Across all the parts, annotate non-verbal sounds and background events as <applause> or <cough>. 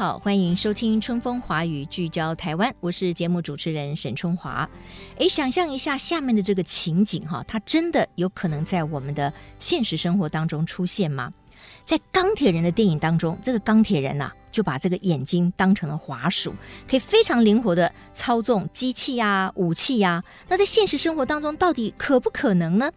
好，歡迎收聽《春風華語》，聚焦台灣，我是節目主持人沈春華。哎，想象一下下面的這個情景哈，它真的有可能在我們的現實生活當中出現嗎？在鋼鐵人的電影當中，這個鋼鐵人吶、啊。就把這個眼睛當成了滑鼠，可以非常靈活的操縱機器呀、啊、武器呀、啊。那在現實生活當中，到底可不可能呢？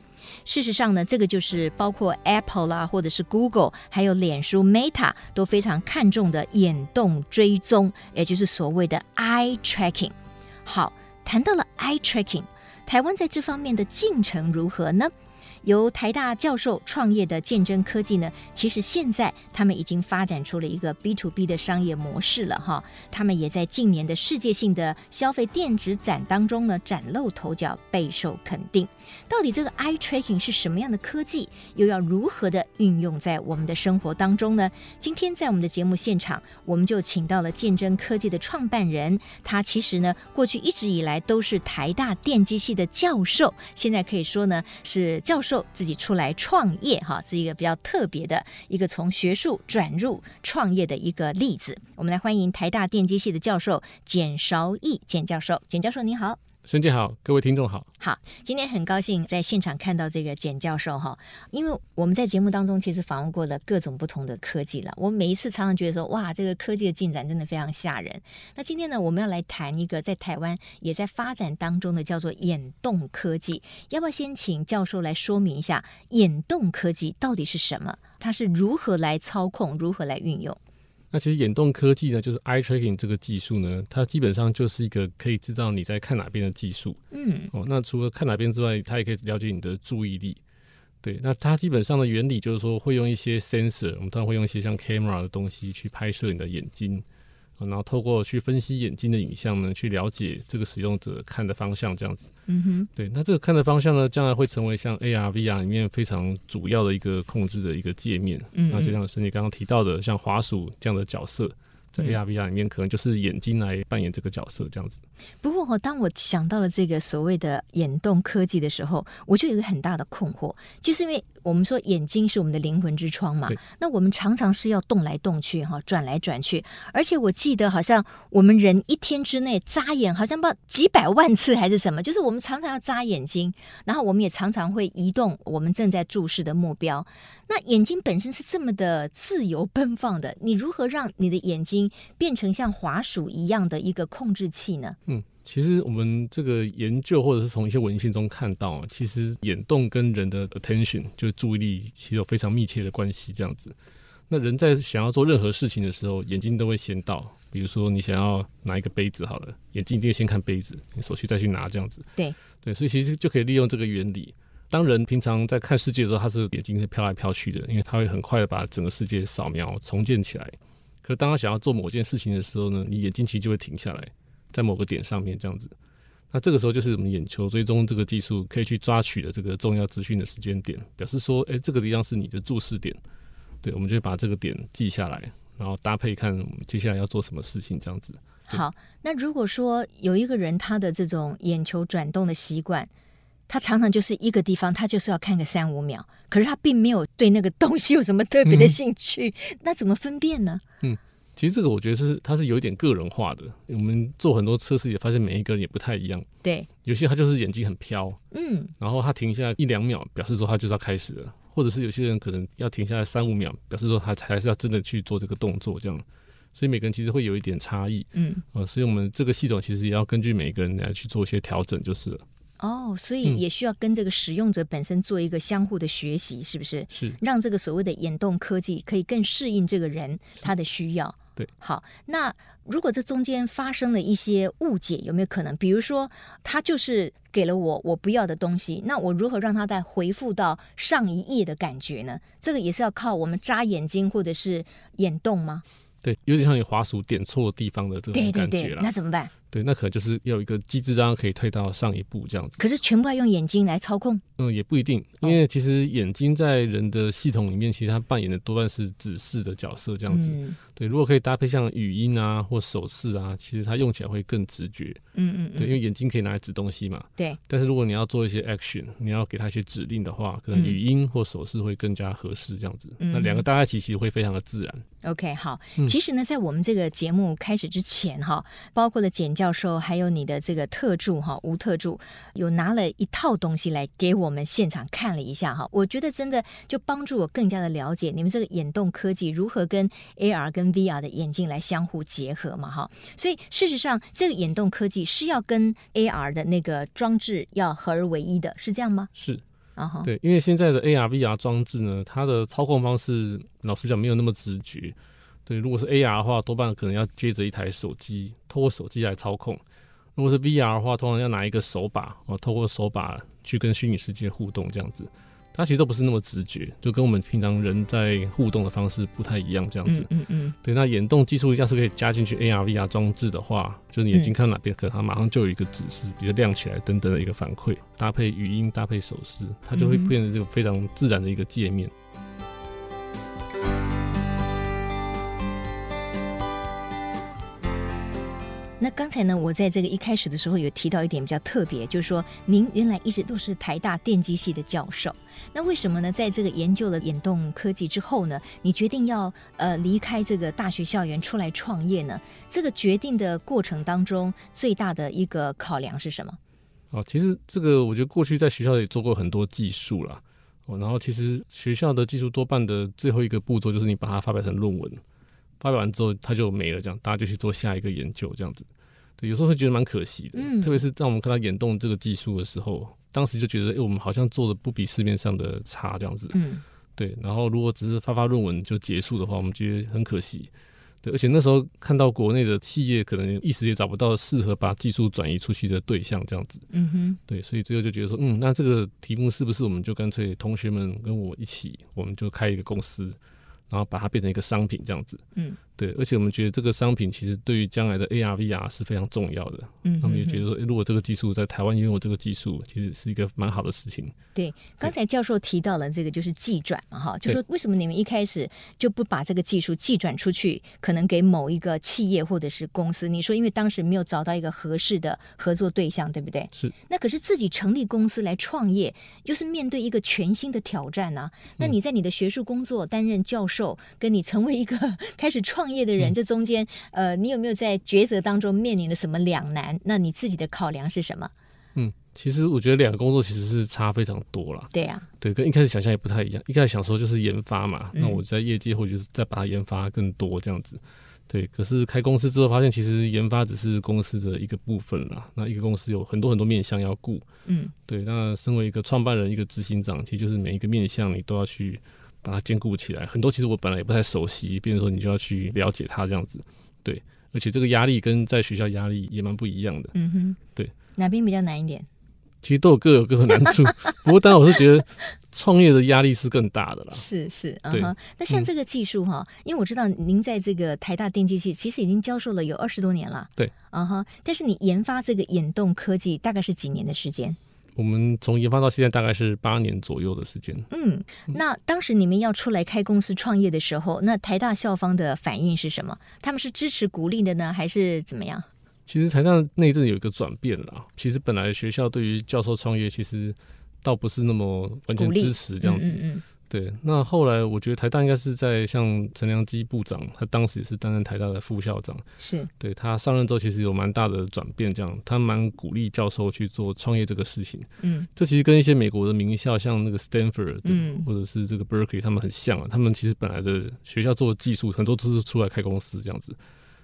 事實上呢，這個就是包括 Apple 啦、啊，或者是 Google，還有臉書 Meta 都非常看重的眼動追蹤，也就是所謂的 Eye Tracking。好，談到了 Eye Tracking，台灣在這方面的進程如何呢？由台大教授創業的見臻科技呢，其實現在他們已經發展出了一個 B to B 的商業模式了，哈。他們也在近年的世界性的消費電子展當中呢嶄露頭角，備受肯定。到底這個 Eye Tracking 是什麼樣的科技，又要如何的運用在我們的生活當中呢？今天在我們的節目現場，我們就請到了見臻科技的創辦人，他其實呢過去一直以來都是台大電機系的教授，現在可以說呢是教授。自己出來創業哈，是一個比較特別的一個從學術轉入創業的一個例子。我們來歡迎台大電機系的教授簡韶逸簡教授，簡教授您好。孫姐好，各位聽眾好。好，今天很高興在現場看到這個簡教授哈，因為我們在節目當中其實訪問過了各種不同的科技了。我每一次常常覺得說，哇，這個科技的進展真的非常嚇人。那今天呢，我們要來談一個在台灣也在發展當中的叫做眼動科技，要不要先請教授來說明一下眼動科技到底是什麼？它是如何來操控，如何來運用？那其實眼動科技呢，就是 eye tracking 這個技術呢，它基本上就是一個可以知道你在看哪邊的技術。嗯，哦，那除了看哪邊之外，它也可以了解你的注意力。對，那它基本上的原理就是說，會用一些 sensor，我們當然會用一些像 camera 的東西去拍攝你的眼睛。然後透過去分析眼睛的影像呢，去了解這個使用者看的方向這樣子。嗯哼，對，那這個看的方向呢，將來會成為像 AR、VR 裡面非常主要的一個控制的一個界面。嗯，嗯，那就像是你剛剛提到的，像滑鼠這樣的角色，在 AR、VR 裡面可能就是眼睛來扮演這個角色這樣子。不過，當我想到了這個所謂的眼動科技的時候，我就有一個很大的困惑，就是因為。我們說眼睛是我們的靈魂之窗嘛，對那我們常常是要動來動去哈，轉來轉去，而且我記得好像我們人一天之內眨眼好像不知道幾百萬次還是什麼，就是我們常常要眨眼睛，然後我們也常常會移動我們正在注視的目標。那眼睛本身是這麼的自由奔放的，你如何讓你的眼睛變成像滑鼠一樣的一個控制器呢？嗯。其實我們這個研究，或者是從一些文獻中看到，其實眼動跟人的 attention 就是注意力其實有非常密切的關係。這樣子，那人在想要做任何事情的時候，眼睛都會先到。比如說你想要拿一個杯子好了，眼睛一定要先看杯子，你手去再去拿這樣子。對對，所以其實就可以利用這個原理。當人平常在看世界的時候，他是眼睛是飄來飄去的，因為他會很快的把整個世界掃描重建起來。可當他想要做某件事情的時候呢，你眼睛其實就會停下來。在某個點上面這樣子，那這個時候就是我們眼球追蹤這個技術可以去抓取的這個重要資訊的時間點，表示說，哎、欸，這個地方是你的注視點，對，我們就會把這個點記下來，然後搭配看我們接下來要做什麼事情這樣子。好，那如果說有一個人他的這種眼球轉動的習慣，他常常就是一個地方，他就是要看個三五秒，可是他並沒有對那個東西有什麼特別的興趣，嗯、那怎麼分辨呢？嗯。其實這個我覺得是，它是有一點個人化的。我們做很多測試也發現，每一個人也不太一樣。對，有些人他就是眼睛很飄，嗯，然後他停下一兩秒，表示說他就是要開始了，或者是有些人可能要停下來三五秒，表示說他還是要真的去做這個動作，這樣。所以每個人其實會有一點差異，嗯，呃，所以我們這個系統其實也要根據每一個人來去做一些調整，就是了。哦，所以也需要跟這個使用者本身做一個相互的學習，是不是？是，讓這個所謂的眼動科技可以更適應這個人他的需要。對，好，那如果這中間發生了一些誤解，有沒有可能？比如說，他就是給了我我不要的東西，那我如何讓他再回復到上一頁的感覺呢？這個也是要靠我們眨眼睛或者是眼動嗎？對，有點像你滑鼠點錯的地方的這種感覺。對對對，那怎麼辦？對，那可能就是要有一個機製，讓他可以退到上一步這樣子。可是全部要用眼睛來操控？嗯，也不一定，因為其實眼睛在人的系統裡面，oh. 其實它扮演的多半是指示的角色這樣子。嗯、對，如果可以搭配像語音啊或手勢啊，其實它用起來會更直覺。嗯，嗯嗯。對，因為眼睛可以拿來指東西嘛。對。但是如果你要做一些 action，你要給它一些指令的話，可能語音或手勢會更加合適這樣子。嗯、那兩個搭在一起其實會非常的自然。OK，好，嗯、其實呢，在我們這個節目開始之前哈，包括了剪接。教授還有你的這個特助哈，無特助有拿了一套東西來給我們現場看了一下哈，我覺得真的就幫助我更加的了解你們這個眼動科技如何跟 AR 跟 VR 的眼鏡來相互結合嘛哈，所以事實上這個眼動科技是要跟 AR 的那個裝置要合而為一的，是這樣嗎？是啊、uh huh、對，因為現在的 AR VR 裝置呢，它的操控方式老實講沒有那麼直覺。對，如果是 AR 的話，多半可能要接着一台手機，透過手機來操控；如果是 VR 的話，通常要拿一個手把，哦、啊，透過手把去跟虛擬世界互動，這樣子，它其實都不是那麼直覺，就跟我們平常人在互動的方式不太一樣，這樣子。嗯嗯。嗯嗯對，那眼動技術要是是可以加進去 AR、VR 裝置的話，就是眼睛看哪邊，嗯、可能它馬上就有一個指示，比如亮起來等等的一個反饋，搭配語音、搭配手勢，它就會變成這個非常自然的一個界面。嗯嗯那剛才呢，我在這個一開始的時候有提到一點比較特別，就是說您原來一直都是台大電機系的教授，那為什麼呢？在這個研究了眼動科技之後呢，你決定要呃離開這個大學校園出來創業呢？這個決定的過程當中，最大的一個考量是什麼？哦，其實這個我覺得過去在學校也做過很多技術啦，哦，然後其實學校的技術多半的最後一個步驟就是你把它發表成論文。發表完之後，他就沒了，這樣大家就去做下一個研究，這樣子。對，有時候會覺得蠻可惜的，嗯，特別是當我們看到眼動這個技術的時候，當時就覺得，誒、欸，我們好像做的不比市面上的差，這樣子，嗯，對。然後如果只是發發論文就結束的話，我們覺得很可惜，對。而且那時候看到國內的企業可能一時也找不到適合把技術轉移出去的對象，這樣子，嗯哼，對。所以最後就覺得說，嗯，那這個題目是不是我們就乾脆同學們跟我一起，我們就開一個公司。然後把它變成一個商品，這樣子。嗯。對，而且我們覺得這個商品其實對於將來的 AR VR 是非常重要的。嗯哼哼，他們也覺得說，如果這個技術在台灣擁有這個技術，其實是一個蠻好的事情。對，剛才教授提到了這個就是技轉嘛，哈對，就是說為什麼你們一開始就不把這個技術技轉出去，對可能給某一個企業或者是公司？你說因為當時沒有找到一個合適的合作對象，對不對？是。那可是自己成立公司來創業，又是面對一個全新的挑戰呢、啊。那你在你的學術工作擔任教授，嗯、跟你成為一個開始創。創業的人，嗯、這中間，呃，你有沒有在抉擇當中面臨着什麼兩難？那你自己的考量是什麼？嗯，其實我覺得兩個工作其實是差非常多了。對啊，對，跟一開始想象也不太一樣。一開始想說就是研發嘛，嗯、那我在業界或者是再把它研發更多這樣子。對，可是開公司之後發現，其實研發只是公司的一個部分了。那一個公司有很多很多面向要顧，嗯，對。那身為一個創辦人，一個執行長，其實就是每一個面向你都要去把它兼顧起來，很多其實我本來也不太熟悉，比如說你就要去了解它這樣子，對而且這個壓力跟在學校壓力也蠻不一樣的，嗯哼，對，哪邊比較難一點？其實都有各有各的難處， <laughs> 不過當然我是覺得創業的壓力是更大的啦， <laughs> 是是，嗯、哼對，那、嗯、像這個技術哈、哦，因為我知道您在這個台大電機系其實已經教授了有二十多年了，對，啊哈、嗯，但是你研發這個眼動科技大概是幾年的時間？我們從研發到現在大概是八年左右的時間。嗯，那當時你們要出來開公司創業的時候，那台大校方的反應是什麼？他們是支持鼓勵的呢，還是怎麼樣？其實台大內政有一個轉變啦。其實本來學校對於教授創業，其實倒不是那麼完全支持這樣子。對，那後來我覺得台大應該是在像陳良基部長，他當時也是擔任台大的副校長，是對他上任之後其實有蠻大的轉變，這樣他蠻鼓勵教授去做創業這個事情。嗯，這其實跟一些美國的名校像那個 Stanford，嗯，或者是這個 Berkeley，他們很像啊，他們其實本來的學校做的技術很多都是出來開公司這樣子。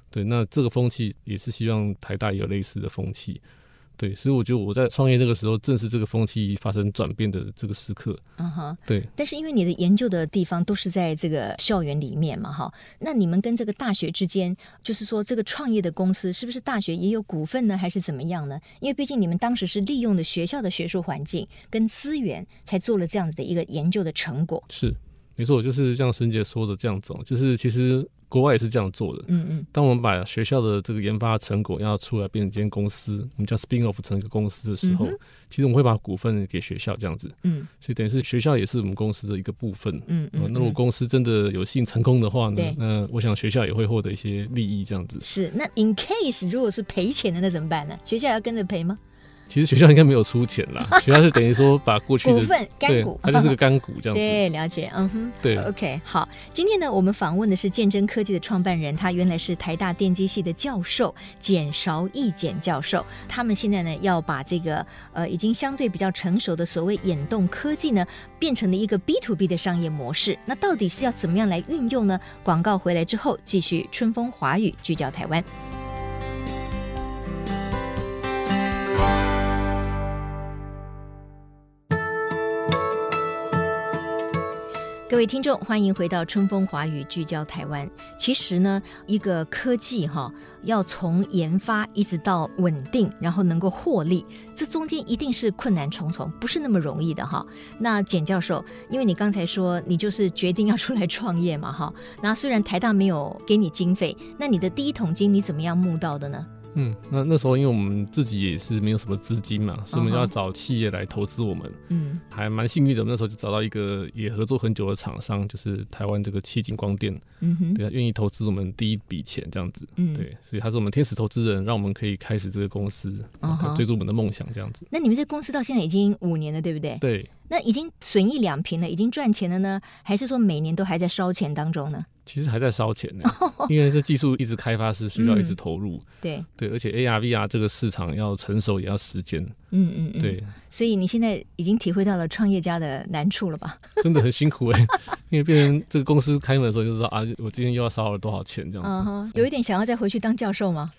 對，那這個風氣也是希望台大也有類似的風氣。對，所以我覺得我在創業那個時候，正是這個風氣發生轉變的這個時刻。嗯哈，uh-huh，對。但是因為你的研究的地方都是在這個校園裡面嘛，哈，那你們跟這個大學之間，就是說這個創業的公司是不是大學也有股份呢，還是怎麼樣呢？因為畢竟你們當時是利用的學校的學術環境跟資源，才做了這樣子的一個研究的成果。是。沒錯，就是像樣。沈姐說的這樣子，喔，就是其實國外也是這樣做的。嗯嗯，當我們把學校的這個研發成果要出來變成間公司，我們叫 spin off 成一個公司的時候，嗯、哼其實我們會把股份給學校這樣子。嗯，所以等於是學校也是我們公司的一個部分。嗯，嗯嗯，那、呃、如果公司真的有幸成功的話呢？對那我想學校也會獲得一些利益這樣子。是，那 in case 如果是賠錢的，那怎麼辦呢？學校也要跟着賠嗎？其實學校應該沒有出錢啦，學校是等於說把過去的 <laughs> 股份、乾股，它就是個乾股這樣子。對，了解，嗯哼，對，OK，好。今天呢，我們訪問的是見臻科技的創辦人，他原來是台大電機系的教授簡韶逸簡教授。他們現在呢，要把這個呃已經相對比較成熟的所謂眼動科技呢，變成了一個 B to B 的商業模式。那到底是要怎麼樣來運用呢？廣告回來之後，繼續春風華語聚焦台灣。各位聽眾，歡迎回到《春風華語》聚焦台灣。其實呢，一個科技哈、哦，要從研發一直到穩定，然後能夠獲利，這中間一定是困難重重，不是那麼容易的哈。那簡教授，因為你剛才說你就是決定要出來創業嘛哈，那雖然台大沒有給你經費，那你的第一桶金你怎麼樣募到的呢？嗯，那那時候因為我們自己也是沒有什麼資金嘛，所以我們要找企業來投資我們。嗯、uh，huh. 還蠻幸運的，那時候就找到一個也合作很久的廠商，就是台灣這個奇景光電。嗯哼、uh，huh. 對，他願意投資我們第一筆錢這樣子。嗯、uh，huh. 對，所以他是我們天使投資人，讓我們可以開始這個公司，可以追逐我們的夢想這樣子。Uh huh. 那你們這公司到現在已經五年了，對不對？對。那已經損益兩平了，已經賺錢了呢？還是說每年都還在燒錢當中呢？其實還在燒錢，哦、呵呵，因為這技術一直開發是需要一直投入。嗯、對對，而且 AR VR 這個市場要成熟也要時間。嗯嗯嗯。嗯對，所以你現在已經體會到了創業家的難處了吧？真的很辛苦哎， <laughs> 因為變成這個公司開門的時候就知道啊，我今天又要燒了多少錢這樣子。嗯嗯、有一點想要再回去當教授嗎？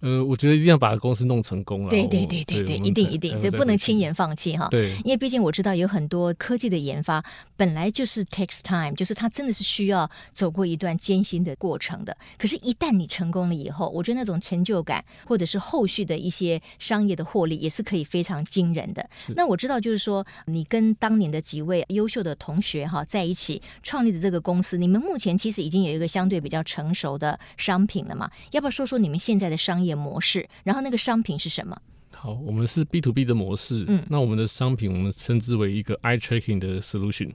呃，我覺得一定要把公司弄成功了。對對對對對，一定一定，一定這不能輕言放棄哈、啊。對，因為畢竟我知道有很多科技的研發本來就是 takes time，就是它真的是需要走過一段艱辛的過程的。可是，一旦你成功了以後，我覺得那種成就感，或者是後續的一些商業的獲利，也是可以非常驚人的。是那我知道，就是說，你跟當年的幾位優秀的同學哈、啊、在一起創立的這個公司，你們目前其實已經有一個相對比較成熟的商品了嘛？要不要說說你們現在的商業？模式，然後那個商品是什麼？好，我們是 B to B 的模式。嗯，那我們的商品我們稱之為一個 eye tracking 的 solution。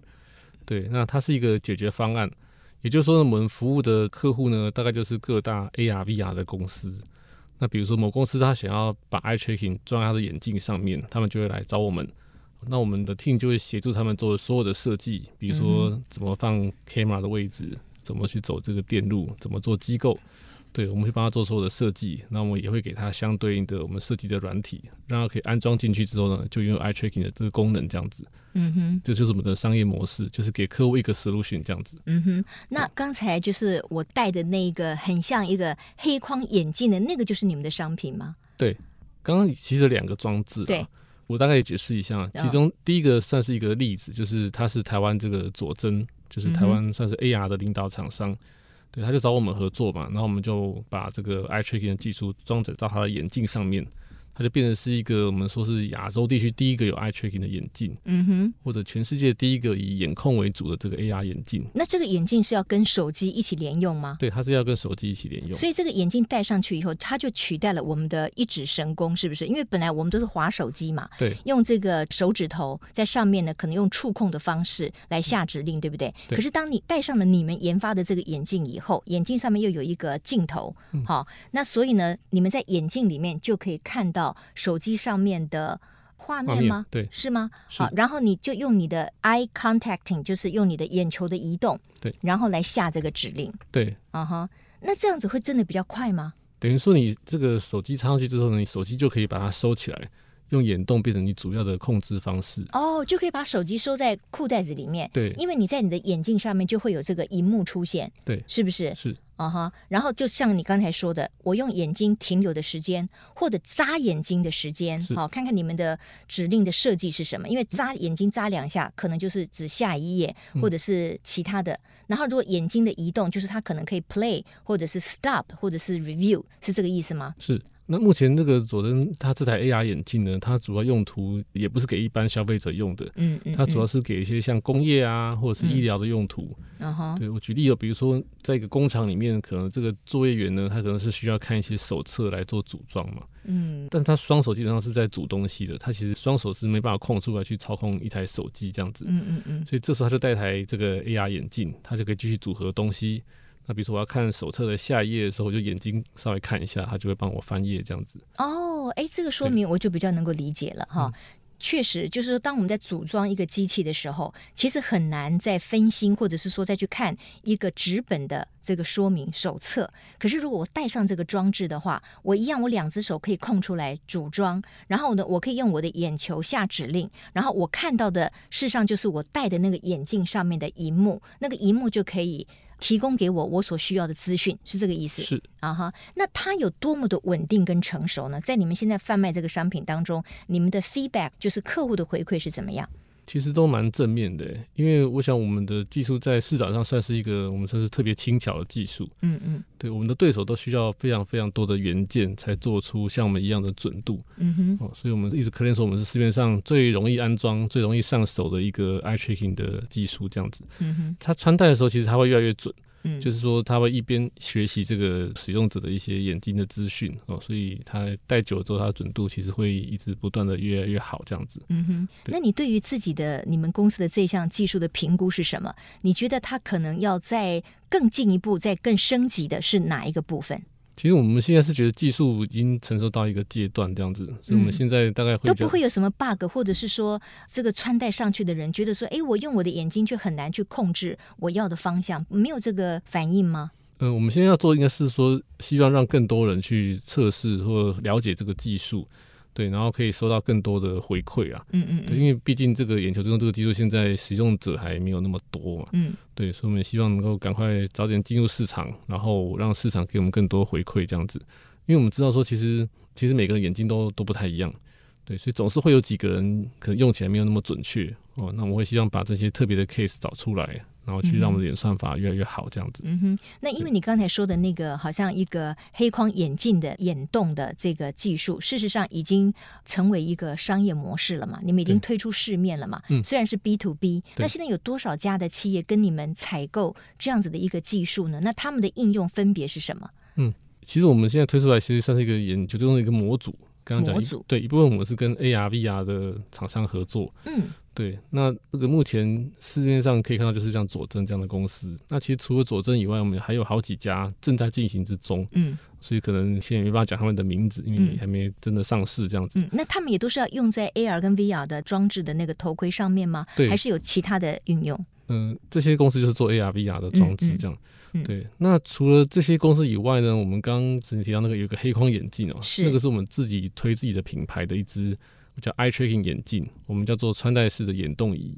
對，那它是一個解決方案。也就是說，我們服務的客戶呢，大概就是各大 AR、VR 的公司。那比如說某公司他想要把 eye tracking 裝在他的眼鏡上面，他們就會來找我們。那我們的 team 就會協助他們做所有的設計，比如說怎麼放 camera 的位置，嗯、怎麼去走這個電路，怎麼做機構。對，我們會幫他做所有的設計，那我們也會給他相對應的我們設計的軟體，讓他可以安裝進去之後呢，就擁有 eye tracking 的這個功能，這樣子。嗯哼，這就是我們的商業模式，就是給客戶一個 solution 這樣子。嗯哼，那剛才就是我戴的那一個很像一個黑框眼鏡的那個，就是你們的商品嗎？對，剛剛其實兩個裝置啊。對，我大概也解釋一下啊，其中第一個算是一個例子，哦，就是它是台灣這個佐臻，就是台灣算是 AR 的領導廠商。嗯對，他就找我們合作嘛，然後我們就把這個 eye tracking 的技術裝載到他的眼鏡上面。它就變成是一個我們說是亞洲地區第一個有 eye tracking 的眼鏡，嗯哼，或者全世界第一個以眼控為主的這個 AR 眼鏡。那這個眼鏡是要跟手機一起連用嗎？對，它是要跟手機一起連用。所以這個眼鏡戴上去以後，它就取代了我們的一指神功，是不是？因為本來我們都是滑手機嘛，對，用這個手指頭在上面呢，可能用觸控的方式來下指令，對不對？對。可是當你戴上了你們研發的這個眼鏡以後，眼鏡上面又有一個鏡頭，嗯，好，那所以呢，你們在眼鏡裡面就可以看到。手機上面的畫面嗎？畫面，對，是嗎？好，是然後你就用你的 eye contacting，就是用你的眼球的移動，對，然後來下這個指令，對啊哈、uh huh。那這樣子會真的比較快嗎？等於說你這個手機插上去之後呢，你手機就可以把它收起來。用眼動變成你主要的控制方式哦，oh, 就可以把手機收在褲袋子裡面。對，因為你在你的眼鏡上面就會有這個熒幕出現。對，是不是？是啊哈。Uh-huh, 然後就像你剛才說的，我用眼睛停留的時間或者眨眼睛的時間，好是，看看你們的指令的設計是什麼。因為眨眼睛眨兩下，可能就是指下一頁、嗯、或者是其他的。然後如果眼睛的移動，就是它可能可以 play 或者是 stop 或者是 review，是這個意思嗎？是。那目前這個佐臻它這台 AR 眼鏡呢，它主要用途也不是給一般消費者用的，嗯它、嗯、主要是給一些像工業啊、嗯、或者是醫療的用途。啊、嗯、對我舉例了，比如說在一個工廠裡面，可能這個作業員呢，他可能是需要看一些手冊來做組裝嘛，嗯，但他雙手基本上是在組東西的，他其實雙手是沒辦法空出來去操控一台手機這樣子，嗯、嗯所以這時候他就戴台這個 AR 眼鏡，他就可以繼續組合東西。那比如說，我要看手冊的下一頁的時候，我就眼睛稍微看一下，它就會幫我翻頁這樣子。哦，誒，這個說明我就比較能夠理解了哈。對確實，就是說，當我們在組裝一個機器的時候，其實很難再分心，或者是說再去看一個紙本的這個說明手冊。可是，如果我戴上這個裝置的話，我一樣，我兩隻手可以空出來組裝，然後呢，我可以用我的眼球下指令，然後我看到的，事實上就是我戴的那個眼鏡上面的螢幕，那個螢幕就可以。提供給我我所需要的資訊，是這個意思，是啊哈。Uh huh. 那它有多麼的穩定跟成熟呢？在你們現在販賣這個商品當中，你們的 feedback 就是客戶的回饋是怎麼樣？其實都蠻正面的，因為我想我們的技術在市場上算是一個，我們算是特別輕巧的技術。嗯嗯，對，我們的對手都需要非常非常多的元件，才做出像我們一樣的準度。嗯哼，哦，所以我們一直可能說我們是市面上最容易安裝、最容易上手的一個 eye tracking 的技術，這樣子。嗯哼，它穿戴的時候其實它會越來越準。嗯，就是說，他會一邊學習這個使用者的一些眼睛的資訊哦，所以他戴久之後，他的準度其實會一直不斷的越來越好這樣子。嗯哼，對那你對於自己的你們公司的這項技術的評估是什麼？你覺得他可能要再更進一步、再更升級的是哪一個部分？其實我們現在是覺得技術已經成熟到一個階段這樣子，所以我們現在大概會、嗯、都不會有什麼 bug，或者是說這個穿戴上去的人覺得說，哎、欸，我用我的眼睛卻很難去控制我要的方向，沒有這個反應嗎？嗯、呃，我們現在要做應該是說，希望讓更多人去測試或了解這個技術。對，然後可以收到更多的回饋啊。嗯嗯嗯，因為畢竟這個眼球追蹤這個技術現在使用者還沒有那麼多嘛。嗯，對，所以我們也希望能夠趕快早點進入市場，然後讓市場給我們更多回饋這樣子。因為我們知道說，其實其實每個人眼睛都都不太一樣，對，所以總是會有幾個人可能用起來沒有那麼準確哦。那我們會希望把這些特別的 case 找出來。然後去讓我們的演算法越來越好，這樣子。嗯哼。那因為你剛才說的那個，對好像一個黑框眼鏡的眼動的這個技術，事實上已經成為一個商業模式了嘛？你們已經推出市面了嘛？嗯對。雖然是 B to B，、嗯、那現在有多少家的企業跟你們採購這樣子的一個技術呢？對那他們的應用分別是什麼？嗯，其實我們現在推出來，其實算是一個研究中的一個模組。剛剛講模組一。對，一部分我們是跟 AR、VR 的廠商合作。嗯。對，那這個目前市面上可以看到，就是像佐臻這樣的公司。那其實除了佐臻以外，我們還有好幾家正在進行之中，嗯，所以可能現在沒辦法講他們的名字，因為還沒真的上市這樣子，嗯。那他們也都是要用在 AR 跟 VR 的裝置的那個頭盔上面嗎？對，還是有其他的運用？嗯、呃，這些公司就是做 AR、VR 的裝置這樣。嗯嗯嗯、對，那除了這些公司以外呢，我們剛剛曾經提到那個有一個黑框眼鏡哦、喔，是那個是我們自己推自己的品牌的一支。叫 eye tracking 眼鏡，我們叫做穿戴式的眼動儀，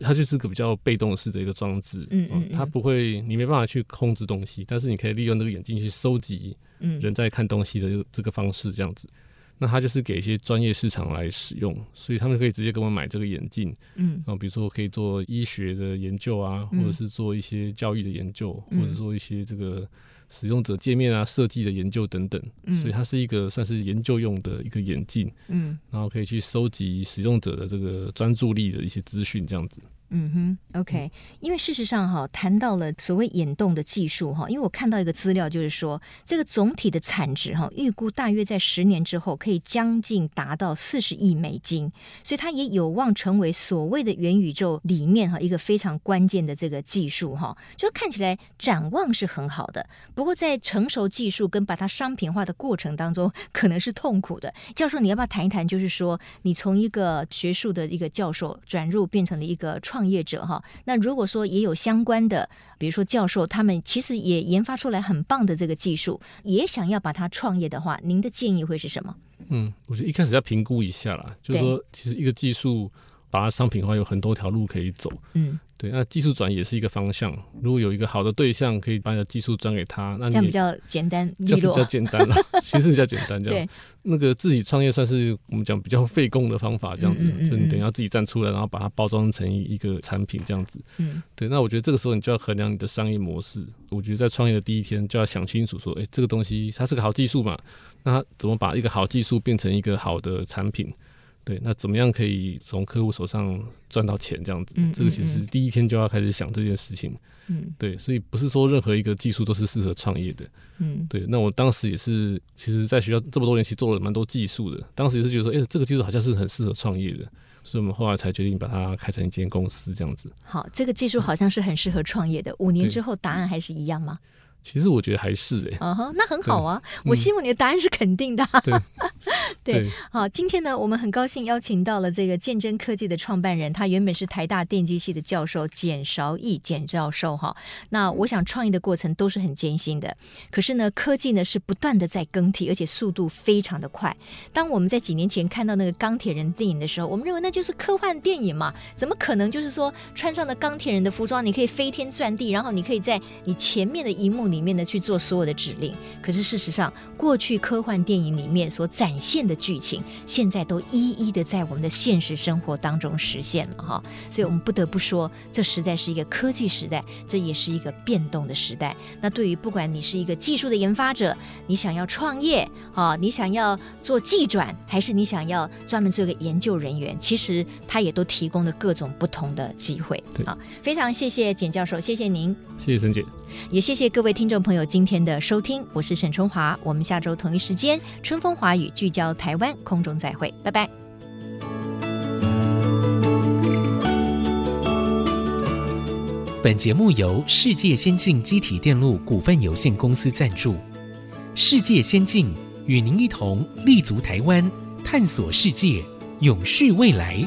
它就是個比較被動式的一個裝置，嗯，嗯，嗯，它不會，你沒辦法去控制東西，但是你可以利用那個眼鏡去收集人在看東西的這個方式，這樣子。那它就是給一些專業市場來使用，所以他們可以直接給我們買這個眼鏡，嗯，然後比如說可以做醫學的研究啊，或者是做一些教育的研究，或者是做一些這個使用者界面啊設計的研究等等，所以它是一個算是研究用的一個眼鏡，嗯，然後可以去收集使用者的這個專注力的一些資訊，這樣子。嗯哼，OK，嗯，因為事實上哈，談到了所謂眼動的技術哈，因為我看到一個資料，就是說這個總體的產值哈，預估大約在十年之後可以將近達到四十億美金，所以它也有望成為所謂的元宇宙裡面哈一個非常關鍵的這個技術哈，就看起來展望是很好的。不過在成熟技術跟把它商品化的過程當中，可能是痛苦的。教授，你要不要談一談？就是說，你從一個學術的一個教授轉入變成了一個創。創業者哈，那如果說也有相關的，比如說教授，他們其實也研發出來很棒的這個技術，也想要把它創業的話，您的建議會是什麼？嗯，我覺得一開始要評估一下啦，就是說，其實一個技術。把它商品化有很多條路可以走，嗯，對。那技術轉也是一個方向，如果有一個好的對象，可以把你的技術轉給他，那你這樣比較簡單，就是比較簡單了，其實 <laughs> 比較簡單這樣。對，那個自己創業算是我們講比較費工的方法，這樣子，嗯嗯嗯，就你等一下自己站出來，然後把它包裝成一個產品，這樣子，嗯，對。那我覺得這個時候你就要衡量你的商業模式。我覺得在創業的第一天就要想清楚，說，哎、欸，這個東西它是個好技術嘛？那怎麼把一個好技術變成一個好的產品？對，那怎麼樣可以從客戶手上賺到錢？這樣子，嗯嗯嗯，這個其實第一天就要開始想這件事情。嗯，對，所以不是說任何一個技術都是適合創業的。嗯，對，那我當時也是，其實在學校這麼多年，其實做了蠻多技術的。當時也是覺得說，哎、欸，這個技術好像是很適合創業的，所以我們後來才決定把它開成一間公司這樣子。好，這個技術好像是很適合創業的。五、嗯、年之後，答案還是一樣嗎？其實我覺得還是哎，啊哈、uh，huh, 那很好啊！對我希望你的答案是肯定的、啊嗯。對， <laughs> 對對好，今天呢，我們很高興邀請到了這個見臻科技的創辦人，他原本是台大電機系的教授簡韶逸簡教授哈。那我想創意的過程都是很艱辛的，可是呢，科技呢是不斷的在更替，而且速度非常的快。當我們在幾年前看到那個鋼鐵人電影的時候，我們認為那就是科幻電影嘛，怎麼可能就是說穿上了鋼鐵人的服裝，你可以飛天鑽地，然後你可以在你前面的螢幕。裡面的去做所有的指令，可是事實上，過去科幻電影裡面所展現的劇情，現在都一一的在我們的現實生活當中實現了哈。所以我們不得不說，這實在是一個科技時代，這也是一個變動的時代。那對於不管你是一個技術的研發者，你想要創業啊，你想要做技轉，還是你想要專門做一個研究人員，其實他也都提供了各種不同的機會。對，啊，非常謝謝簡教授，謝謝您，謝謝沈姐，也謝謝各位聽。聽眾朋友，今天的收聽，我是沈春華。我們下周同一時間，春風華語聚焦台灣，空中再會，拜拜。本節目由世界先進積體電路股份有限公司贊助。世界先進與您一同立足台灣，探索世界，永續未來。